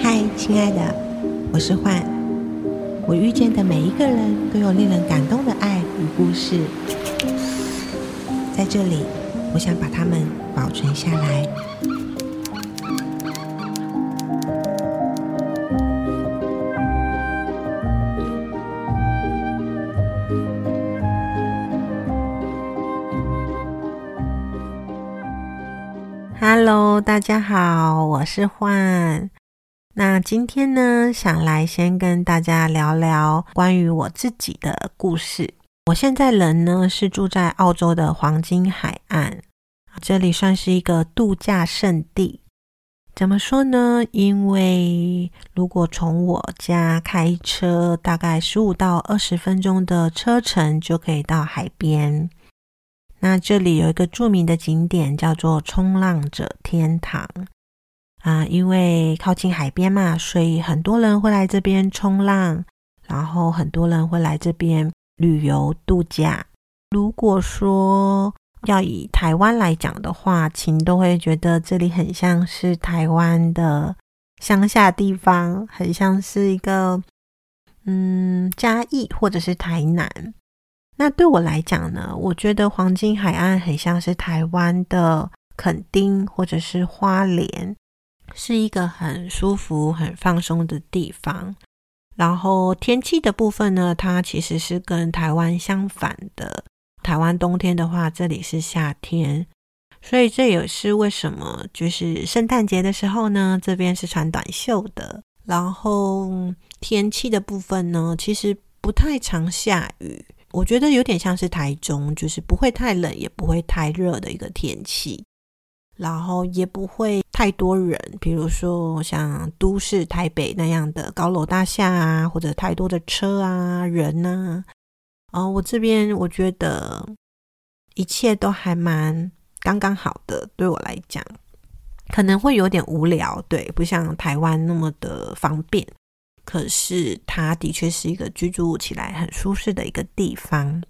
嗨，親愛的，我是幻。我遇見的每一個人都有令人感動的愛與故事，在這裡，我想把它們保存下來。大家好，我是幻。那今天呢，想來先跟大家聊聊關於我自己的故事。我現在人呢，是住在澳洲的黃金海岸，這裡算是一個度假勝地。怎麼說呢？因為如果從我家開車，大概十五到二十分鐘的車程就可以到海邊。那這裡有一個著名的景點叫做衝浪者天堂啊，因為靠近海邊嘛，所以很多人會來這邊衝浪，然後很多人會來這邊旅遊度假。如果說要以台灣來講的話，晴都會覺得這裡很像是台灣的鄉下的地方，很像是一個嗯嘉義或者是台南。那對我來講呢，我覺得黃金海岸很像是台灣的墾丁或者是花蓮，是一個很舒服、很放鬆的地方。然後天氣的部分呢，它其實是跟台灣相反的。台灣冬天的話，這裡是夏天，所以這也是為什麼就是聖誕節的時候呢，這邊是穿短袖的。然後天氣的部分呢，其實不太常下雨。我覺得有點像是台中，就是不會太冷，也不會太熱的一個天氣，然後也不會太多人，比如說像都市台北那樣的高樓大廈啊，或者太多的車啊、人吶、啊。哦，我這邊我覺得一切都還蠻剛剛好的，對我來講可能會有點無聊，對，不像台灣那麼的方便。可是它的確是一個居住起來很舒適的一個地方。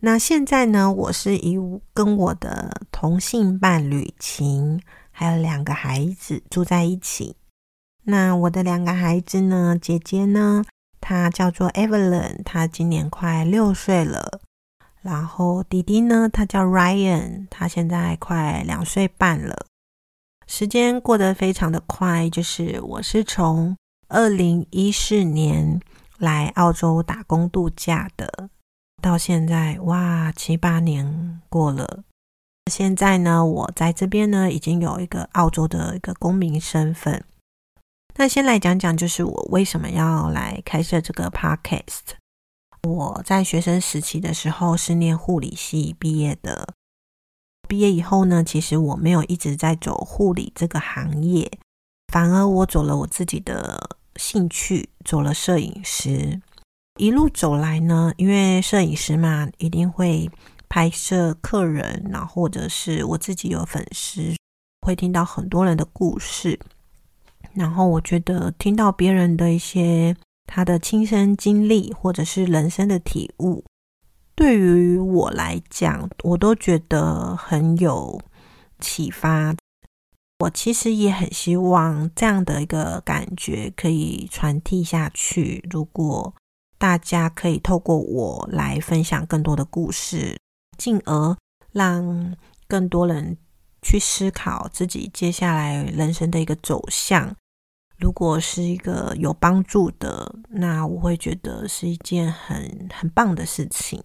那現在呢，我是以跟我的同性伴侶晴，還有兩個孩子住在一起。那我的兩個孩子呢，姐姐呢，她叫做 Evelyn，她今年快六歲了。然後弟弟呢，他叫 Ryan，他現在快兩歲半了。時間過得非常的快，就是我是從。二零一四年來澳洲打工度假的，到現在，哇，七八年過了。現在呢，我在這邊呢已經有一個澳洲的一個公民身份。那先來講講，就是我為什麼要來開設這個 Podcast。我在學生時期的時候是念護理系畢業的，畢業以後呢，其實我沒有一直在走護理這個行業，反而我走了我自己的。興趣做了攝影師，一路走來呢，因為攝影師嘛，一定會拍攝客人，然後或者是我自己有粉絲，會聽到很多人的故事。然後我覺得聽到別人的一些他的親身經歷，或者是人生的體悟，對於我來講，我都覺得很有啟發。我其實也很希望這樣的一個感覺可以傳遞下去，如果大家可以透過我來分享更多的故事，進而讓更多人去思考自己接下來人生的一個走向，如果是一個有幫助的，那我會覺得是一件很很棒的事情。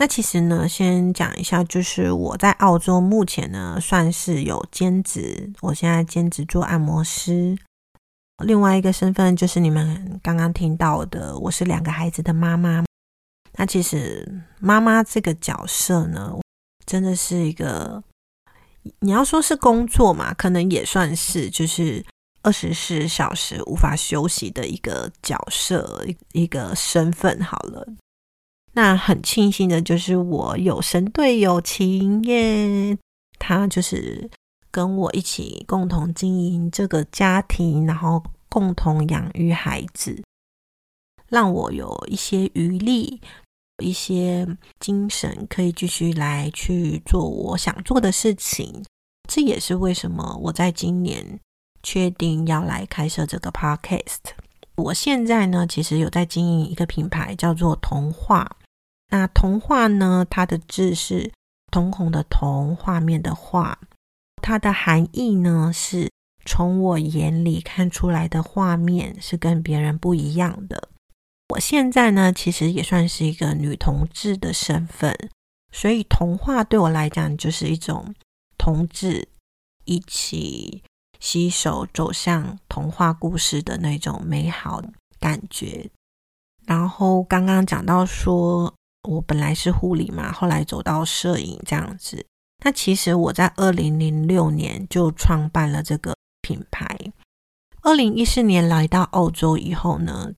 那其實呢，先講一下，就是我在澳洲目前呢，算是有兼職。我現在兼職做按摩師，另外一個身份就是你們剛剛聽到的，我是兩個孩子的媽媽。那其實媽媽這個角色呢，真的是一個，你要說是工作嘛，可能也算是，就是二十四小時無法休息的一個角色，一一個身份好了。那很慶幸的就是我有神隊友晴耶，他就是跟我一起共同經營這個家庭，然後共同養育孩子，讓我有一些餘力、一些精神可以繼續來去做我想做的事情。這也是為什麼我在今年確定要來開設這個 Podcast。我現在呢，其實有在經營一個品牌，叫做“瞳畫”。那“瞳畫”呢，它的字是“瞳孔”的“瞳”，畫面的“畫”。它的含義呢，是從我眼裡看出來的畫面是跟別人不一樣的。我現在呢，其實也算是一個女同志的身份，所以“瞳畫”對我來講就是一種同志一起攜手走向童話故事的那種美好感覺。然後剛剛講到說，我本來是護理嘛，後來走到攝影這樣子。那其實我在二零零六年就創辦了這個品牌。二零一四年來到澳洲以後呢，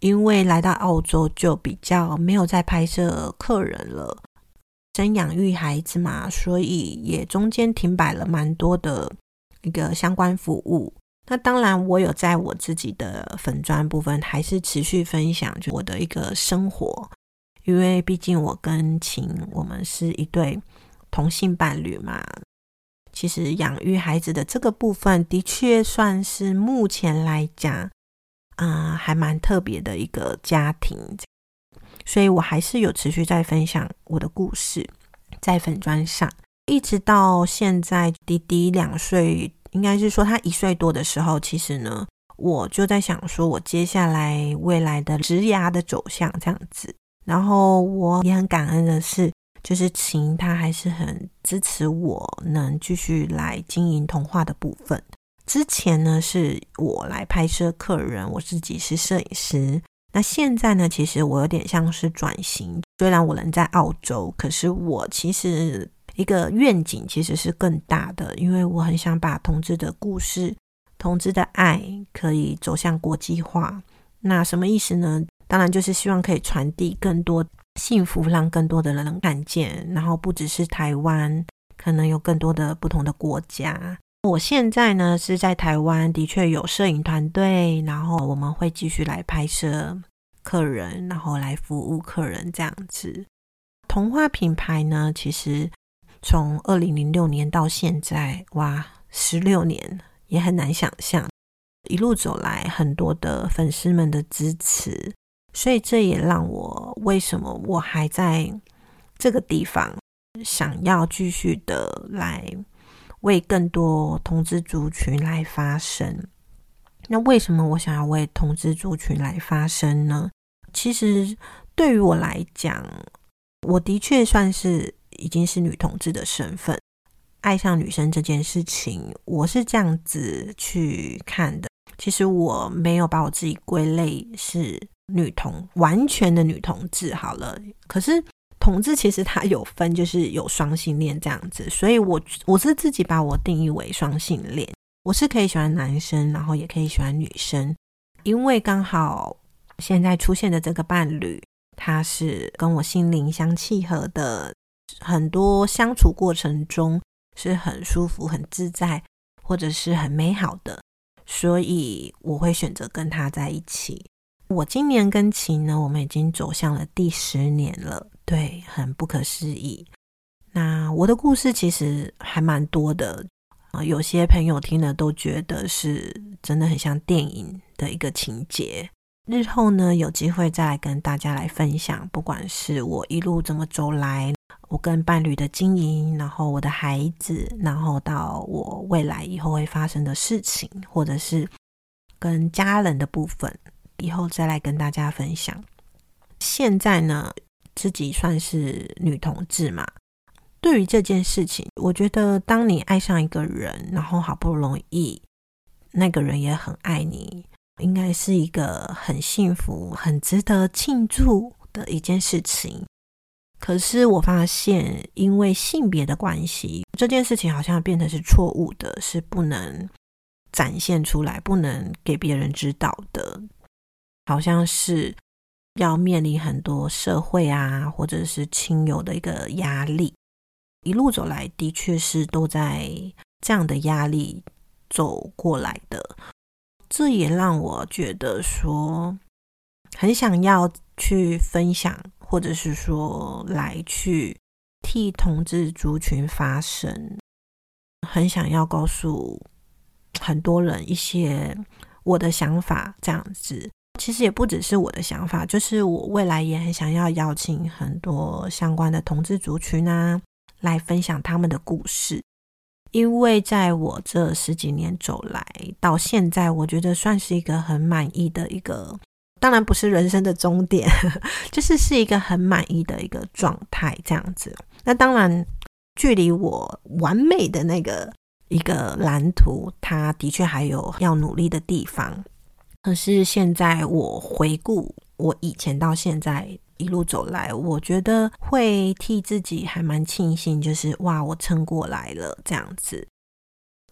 因為來到澳洲就比較沒有再拍攝客人了，生養育孩子嘛，所以也中間停擺了蠻多的。一個相關服務。那當然，我有在我自己的粉專部分還是持續分享就我的一個生活，因為畢竟我跟晴我們是一對同性伴侶嘛，其實養育孩子的這個部分的確算是目前來講啊、呃，還蠻特別的一個家庭，所以我還是有持續在分享我的故事在粉專上，一直到現在弟弟兩歲，應該是說，他一歲多的時候，其實呢，我就在想說，我接下來未來的職涯的走向這樣子。然後我也很感恩的是，就是晴他還是很支持我能繼續來經營瞳畫的部分。之前呢是我來拍攝客人，我自己是攝影師。那現在呢，其實我有點像是轉型。雖然我人在澳洲，可是我其實。一個願景其實是更大的，因為我很想把同志的故事、同志的愛可以走向國際化。那什麼意思呢？當然就是希望可以傳遞更多幸福，讓更多的人能看見。然後不只是台灣，可能有更多的不同的國家。我現在呢是在台灣，的確有攝影團隊，然後我們會繼續來拍攝客人，然後來服務客人這樣子。瞳畫品牌呢，其實。從二零零六年到現在，哇，十六年也很難想象。一路走來，很多的粉絲們的支持，所以這也讓我為什麼我還在這個地方，想要繼續的來為更多同志族群來發聲。那為什麼我想要為同志族群來發聲呢？其實對於我來講，我的確算是。已經是女同志的身份，愛上女生這件事情，我是這樣子去看的。其實我沒有把我自己歸類是女同，完全的女同志好了。可是同志其實它有分，就是有雙性戀這樣子，所以我，我我是自己把我定義為雙性戀，我是可以喜歡男生，然後也可以喜歡女生，因為剛好現在出現的這個伴侶，他是跟我心靈相契合的。很多相處過程中是很舒服、很自在，或者是很美好的，所以我會選擇跟他在一起。我今年跟晴呢，我們已經走向了第十年了，對，很不可思議。那我的故事其實還蠻多的，有些朋友聽了都覺得是真的很像電影的一個情節。日後呢，有機會再來跟大家來分享，不管是我一路怎麼走來。我跟伴侶的經營，然後我的孩子，然後到我未來以後會發生的事情，或者是跟家人的部分，以後再來跟大家分享。現在呢，自己算是女同志嘛。對於這件事情，我覺得當你愛上一個人，然後好不容易，那個人也很愛你，應該是一個很幸福、很值得慶祝的一件事情。可是我發現，因為性別的關係，這件事情好像變成是錯誤的，是不能展現出來，不能給別人知道的。好像是要面臨很多社會啊，或者是親友的一個壓力。一路走來，的確是都在這樣的壓力走過來的。這也讓我覺得說，很想要去分享。或者是說來去替同志族群發聲，很想要告訴很多人一些我的想法，這樣子其實也不只是我的想法，就是我未來也很想要邀請很多相關的同志族群呢、啊，來分享他們的故事，因為在我這十幾年走來到現在，我覺得算是一個很滿意的一個。當然不是人生的終點， 就是是一個很滿意的一個狀態這樣子。那當然，距離我完美的那個一個藍圖，它的確還有要努力的地方。可是現在我回顧我以前到現在一路走來，我覺得會替自己還蠻慶幸，就是哇，我撐過來了這樣子。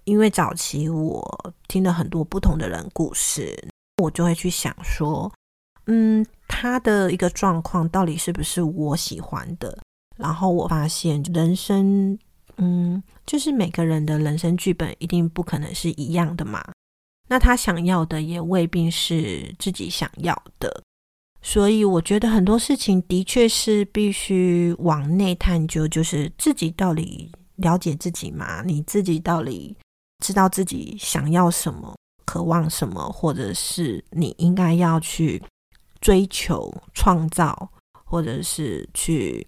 因為早期我聽了很多不同的人故事，我就會去想說，嗯，他的一個狀況到底是不是我喜歡的？然後我發現，人生，嗯，就是每個人的人生劇本一定不可能是一樣的嘛。那他想要的也未必是自己想要的。所以我覺得很多事情的確是必須往內探究，就是自己到底了解自己嗎？你自己到底知道自己想要什麼？渴望什麼，或者是你應該要去追求、創造，或者是去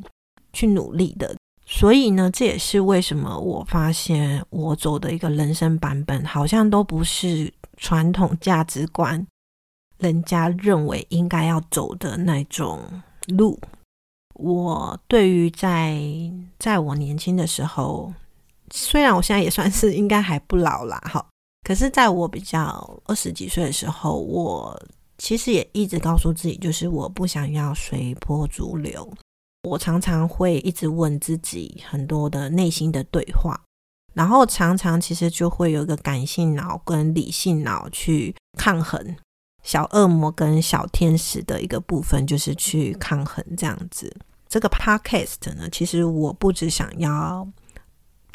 去努力的。所以呢，這也是為什麼我發現我走的一個人生版本，好像都不是傳統價值觀人家認為應該要走的那種路。我對於在在我年輕的時候，雖然我現在也算是應該還不老啦，哈。可是，在我比較二十幾歲的時候，我其實也一直告訴自己，就是我不想要隨波逐流。我常常會一直問自己很多的內心的對話，然後常常其實就會有一個感性腦跟理性腦去抗衡，小惡魔跟小天使的一個部分就是去抗衡這樣子。這個 Podcast 呢，其實我不只想要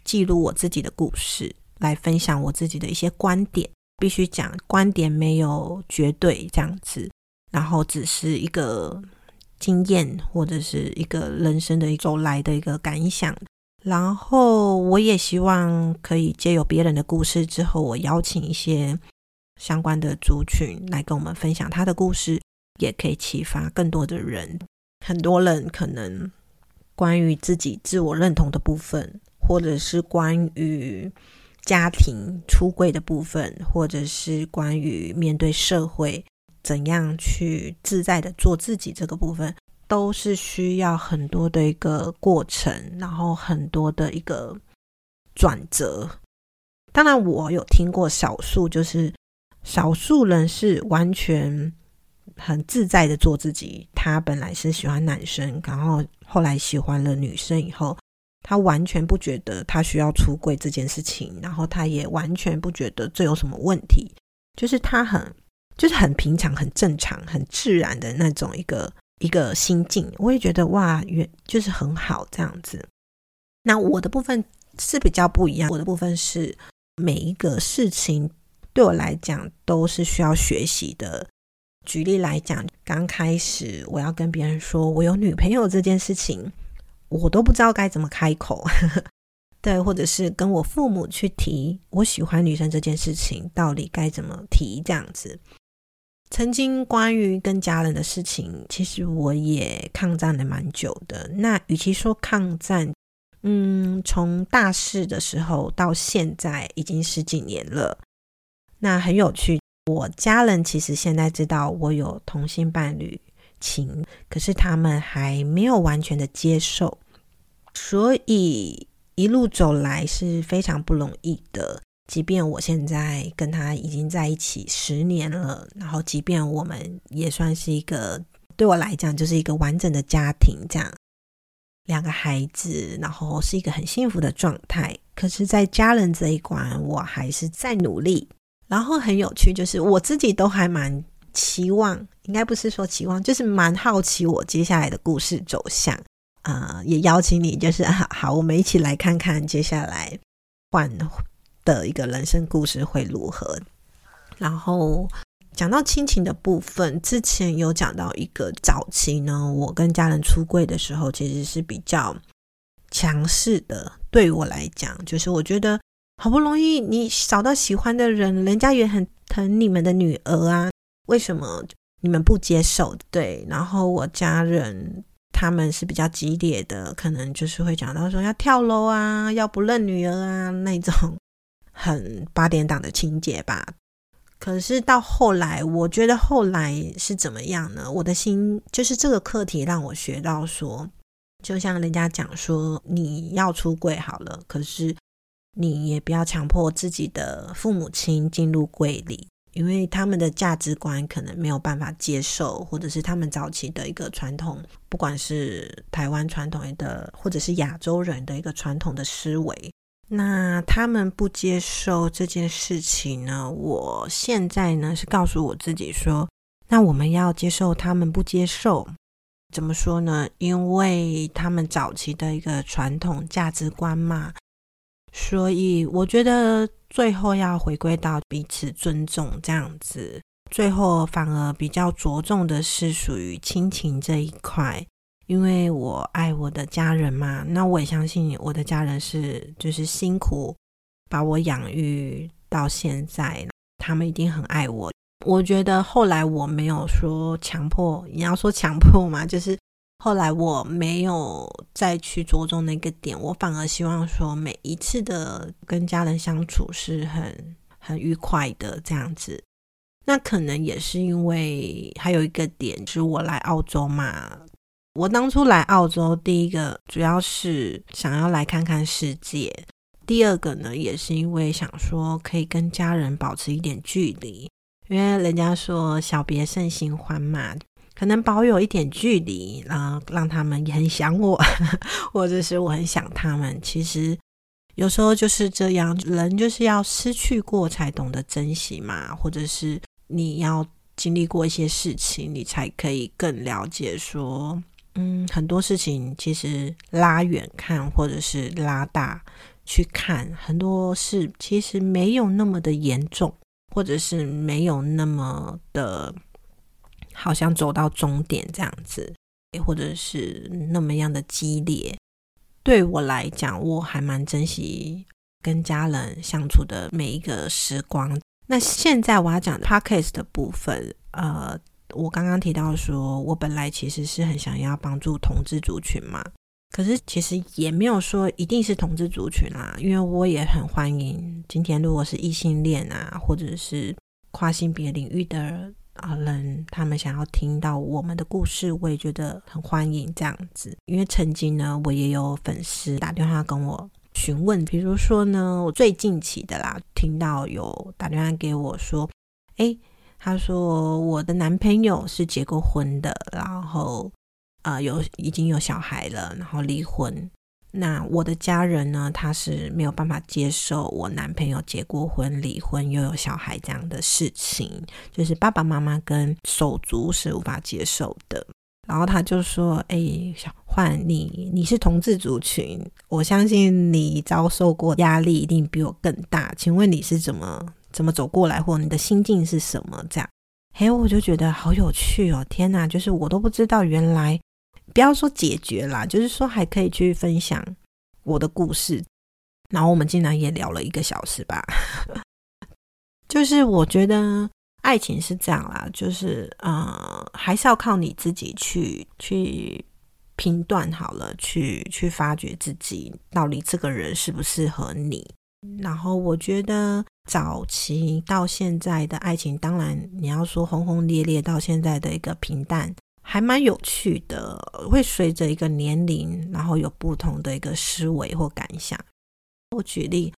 記錄我自己的故事。來分享我自己的一些觀點，必須講觀點沒有絕對這樣子，然後只是一個經驗或者是一個人生的走來的一個感想。然後我也希望可以借由別人的故事之後，我邀請一些相關的族群來跟我們分享他的故事，也可以啟發更多的人。很多人可能關於自己自我認同的部分，或者是關於。家庭出櫃的部分，或者是關於面對社會怎樣去自在的做自己這個部分，都是需要很多的一個過程，然後很多的一個轉折。當然，我有聽過少數，就是少數人是完全很自在的做自己。他本來是喜歡男生，然後後來喜歡了女生以後。他完全不覺得他需要出櫃這件事情，然後他也完全不覺得這有什麼問題，就是他很就是很平常、很正常、很自然的那種一個一個心境。我也覺得哇，原就是很好這樣子。那我的部分是比較不一樣，我的部分是每一個事情對我來講都是需要學習的。舉例來講，剛開始我要跟別人說我有女朋友這件事情。我都不知道該怎麼開口，呵呵。對，或者是跟我父母去提我喜歡女生這件事情，到底該怎麼提？這樣子，曾經關於跟家人的事情，其實我也抗戰了蠻久的。那與其說抗戰，嗯，從大四的時候到現在已經十幾年了，那很有趣。我家人其實現在知道我有同性伴侶晴，可是他們還沒有完全的接受。所以一路走來是非常不容易的。即便我現在跟她已經在一起十年了，然後即便我們也算是一個，對我來講就是一個完整的家庭這樣，兩個孩子，然後是一個很幸福的狀態。可是，在家人這一關，我還是在努力。然後很有趣，就是我自己都還蠻期望，應該不是說期望，就是蠻好奇我接下來的故事走向。啊、呃，也邀請你，就是好好，我們一起來看看接下來換的一個人生故事會如何。然後講到親情的部分，之前有講到一個早期呢，我跟家人出櫃的時候，其實是比較強勢的。對我來講，就是我覺得好不容易你找到喜歡的人，人家也很疼你們的女兒啊，為什麼你們不接受？對，然後我家人。他們是比較激烈的，可能就是會講到說要跳樓啊，要不認女兒啊，那種很八點檔的情節吧。可是到後來，我覺得後來是怎麼樣呢？我的心就是這個課題讓我學到說，就像人家講說你要出櫃好了，可是你也不要強迫自己的父母親進入櫃裡。因為他們的價值觀可能沒有辦法接受，或者是他們早期的一個傳統，不管是台灣傳統的，或者是亞洲人的一個傳統的思維，那他們不接受這件事情呢？我現在呢是告訴我自己說，那我們要接受他們不接受，怎麼說呢？因為他們早期的一個傳統價值觀嘛，所以我覺得。最後要回歸到彼此尊重這樣子，最後反而比較着重的是屬於親情這一塊，因為我愛我的家人嘛，那我也相信我的家人是就是辛苦把我養育到現在，他們一定很愛我。我覺得後來我沒有說強迫，你要說強迫嘛，就是。後來我沒有再去着重那個點，我反而希望說每一次的跟家人相處是很很愉快的這樣子。那可能也是因為還有一個點，就是我來澳洲嘛。我當初來澳洲，第一個主要是想要來看看世界，第二個呢，也是因為想說可以跟家人保持一點距離，因為人家說小別勝新歡嘛。可能保有一點距離，然後，呃，讓他們也很想我，或者是我很想他們。其實有時候就是這樣，人就是要失去過才懂得珍惜嘛。或者是你要經歷過一些事情，你才可以更了解說，嗯，很多事情其實拉遠看，或者是拉大去看，很多事其實沒有那麼的嚴重，或者是沒有那麼的。好像走到終點這樣子，或者是那麼樣的激烈。對我來講，我還蠻珍惜跟家人相處的每一個時光。那現在我要講 Podcast 的部分，呃，我剛剛提到說我本來其實是很想要幫助同志族群嘛，可是其實也沒有說一定是同志族群啦，因為我也很歡迎今天如果是異性戀啊，或者是跨性別領域的。啊，人他們想要聽到我們的故事，我也覺得很歡迎這樣子。因為曾經呢，我也有粉絲打電話跟我詢問，比如說呢，我最近期的啦，聽到有打電話給我說，哎、欸，他說我的男朋友是結過婚的，然後啊、呃，有已經有小孩了，然後離婚。那我的家人呢？他是沒有辦法接受我男朋友結過婚、離婚又有小孩這樣的事情，就是爸爸媽媽跟手足是無法接受的。然後他就說：“哎、欸，小煥，你你是同志族群，我相信你遭受過壓力一定比我更大，請問你是怎麼怎麼走過來，或你的心境是什麼？這樣，嘿、欸，我就覺得好有趣哦！天哪，就是我都不知道原來。”不要說解決啦，就是說還可以去分享我的故事，然後我們竟然也聊了一個小時吧。 就是我覺得愛情是這樣啦，就是呃，還是要靠你自己去去評斷好了，去去發掘自己到底這個人適不適合你。然後我覺得早期到現在的愛情，當然你要說轟轟烈烈，到現在的一個平淡。還蠻有趣的，會隨着一個年齡，然後有不同的一個思維或感想。我舉例，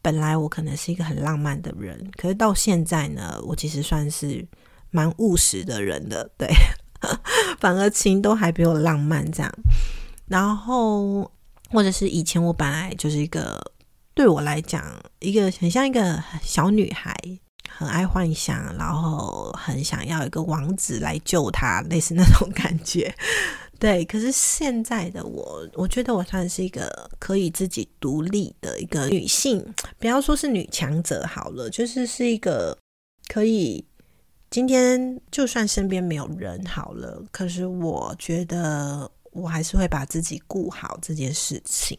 本來我可能是一個很浪漫的人，可是到現在呢，我其實算是蠻務實的人的。對， 反而情都還比我浪漫這樣。然後，或者是以前我本來就是一個對我來講，一個很像一個小女孩。很愛幻想，然後很想要一個王子來救她，類似那種感覺。對，可是現在的我，我覺得我算是一個可以自己獨立的一個女性，不要說是女強者好了，就是是一個可以今天就算身邊沒有人好了，可是我覺得我還是會把自己顧好這件事情。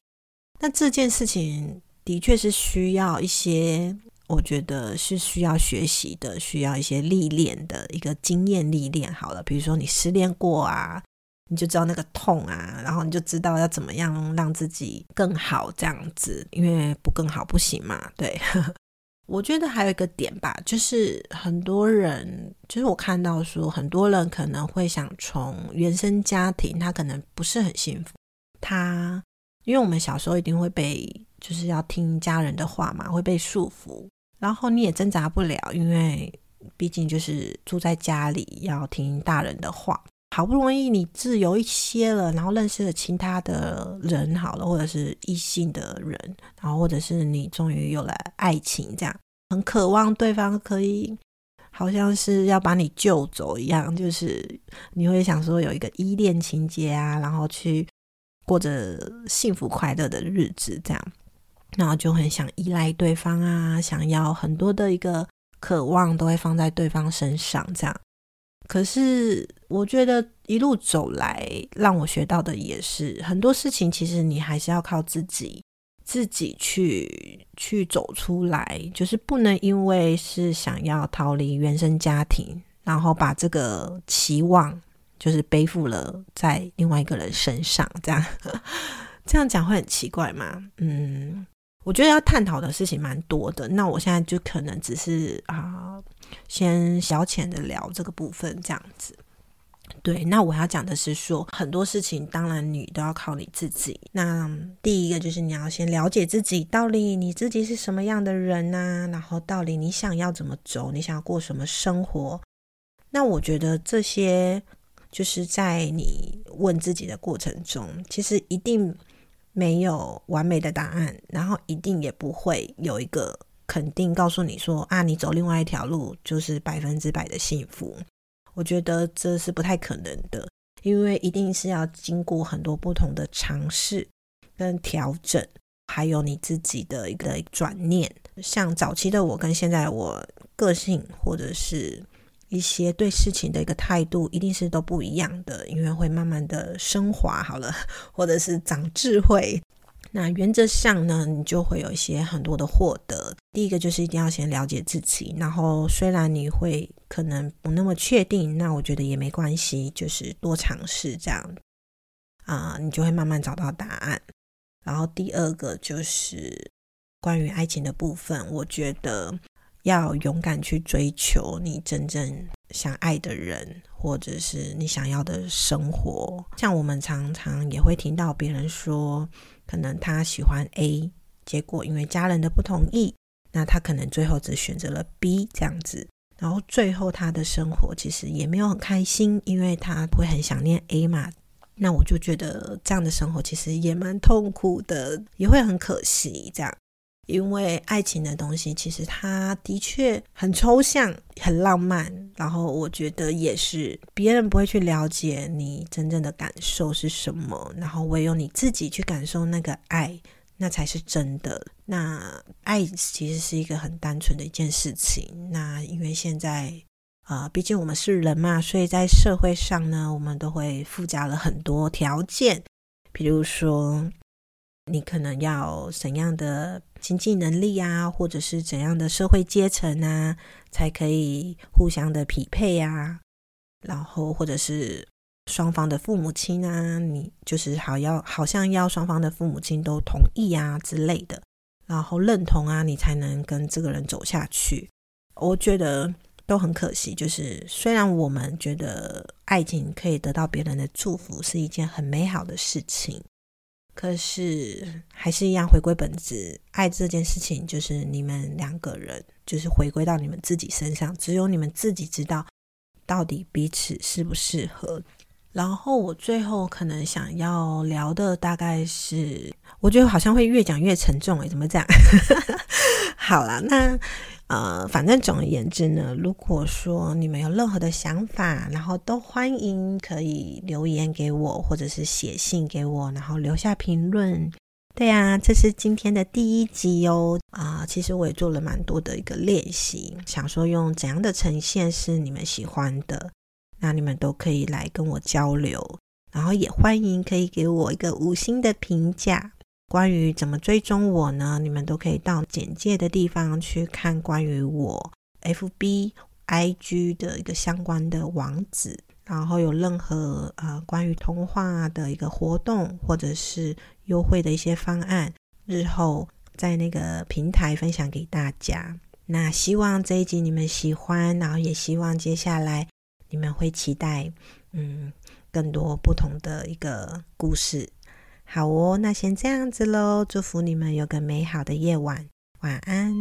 那這件事情的確是需要一些。我覺得是需要學習的，需要一些歷練的一個經驗歷練好了，比如說你失戀過啊，你就知道那個痛啊，然後你就知道要怎麼樣讓自己更好這樣子，因為不更好不行嘛。對 我覺得還有一個點吧，就是很多人，就是我看到說，很多人可能會想從原生家庭，他可能不是很幸福，他，因為我們小時候一定會被就是要聽家人的話嘛，會被束縛。然後你也掙扎不了，因為畢竟就是住在家裡，要聽大人的話。好不容易你自由一些了，然後認識了其他的人，好了，或者是異性的人，然後或者是你終於有了愛情，這樣很渴望對方可以，好像是要把你救走一樣，就是你會想說有一個依戀情節啊，然後去過着幸福快樂的日子，這樣。然後就很想依賴對方啊，想要很多的一個渴望都會放在對方身上，這樣。可是我覺得一路走來，讓我學到的也是很多事情，其實你還是要靠自己，自己去去走出來，就是不能因為是想要逃離原生家庭，然後把這個期望就是背負了在另外一個人身上，這樣。這樣講會很奇怪嗎？嗯。我覺得要探討的事情蠻多的，那我現在就可能只是啊、呃，先小淺的聊這個部分這樣子。對，那我要講的是說，很多事情當然你都要靠你自己。那第一個就是你要先了解自己，到底你自己是什麼樣的人吶、啊？然後到底你想要怎麼走，你想要過什麼生活？那我覺得這些就是在你問自己的過程中，其實一定。沒有完美的答案，然後一定也不會有一個肯定告訴你說啊，你走另外一條路就是百分之百的幸福。我覺得這是不太可能的，因為一定是要經過很多不同的嘗試跟調整，還有你自己的一個轉念。像早期的我跟現在的我個性，或者是。一些對事情的一個態度，一定是都不一樣的，因為會慢慢的升華好了，或者是長智慧。那原則上呢，你就會有一些很多的獲得。第一個就是一定要先了解自己，然後雖然你會可能不那麼確定，那我覺得也沒關係，就是多嘗試這樣，啊、呃，你就會慢慢找到答案。然後第二個就是關於愛情的部分，我覺得。要勇敢去追求你真正想愛的人，或者是你想要的生活。像我們常常也會聽到別人說，可能他喜歡 A，結果因為家人的不同意，那他可能最後只選擇了 B 這樣子。然後最後他的生活其實也沒有很開心，因為他會很想念 A 嘛。那我就覺得這樣的生活其實也蠻痛苦的，也會很可惜這樣。因為愛情的東西，其實它的確很抽象、很浪漫。然後我覺得也是，別人不會去了解你真正的感受是什麼。然後唯有你自己去感受那個愛，那才是真的。那愛其實是一個很單純的一件事情。那因為現在啊、呃，畢竟我們是人嘛，所以在社會上呢，我們都會附加了很多條件，比如說。你可能要怎樣的經濟能力啊，或者是怎樣的社會階層啊，才可以互相的匹配呀，然後或者是雙方的父母親啊，你就是好要好像要雙方的父母親都同意啊之類的，然後認同啊，你才能跟這個人走下去。我覺得都很可惜，就是雖然我們覺得愛情可以得到別人的祝福是一件很美好的事情。可是，還是一樣回歸本質，愛這件事情就是你們兩個人，就是回歸到你們自己身上，只有你們自己知道到底彼此適不適合。然後我最後可能想要聊的大概是，我覺得好像會越講越沉重哎、欸，怎麼講？ 好啦，那。呃，反正總而言之呢，如果說你們有任何的想法，然後都歡迎可以留言給我，或者是寫信給我，然後留下評論。對呀，這是今天的第一集喲。啊，其實我也做了蠻多的一個練習，想說用怎樣的呈現是你們喜歡的，那你們都可以來跟我交流，然後也歡迎可以給我一個五星的評價。關於怎麼追蹤我呢？你們都可以到簡介的地方去看關於我 FB、IG 的一個相關的網址。然後有任何呃關於瞳畫的一個活動或者是優惠的一些方案，日後在那個平台分享給大家。那希望這一集你們喜歡，然後也希望接下來你們會期待嗯更多不同的一個故事。好哦，那先這樣子嘍，祝福你們有個美好的夜晚，晚安。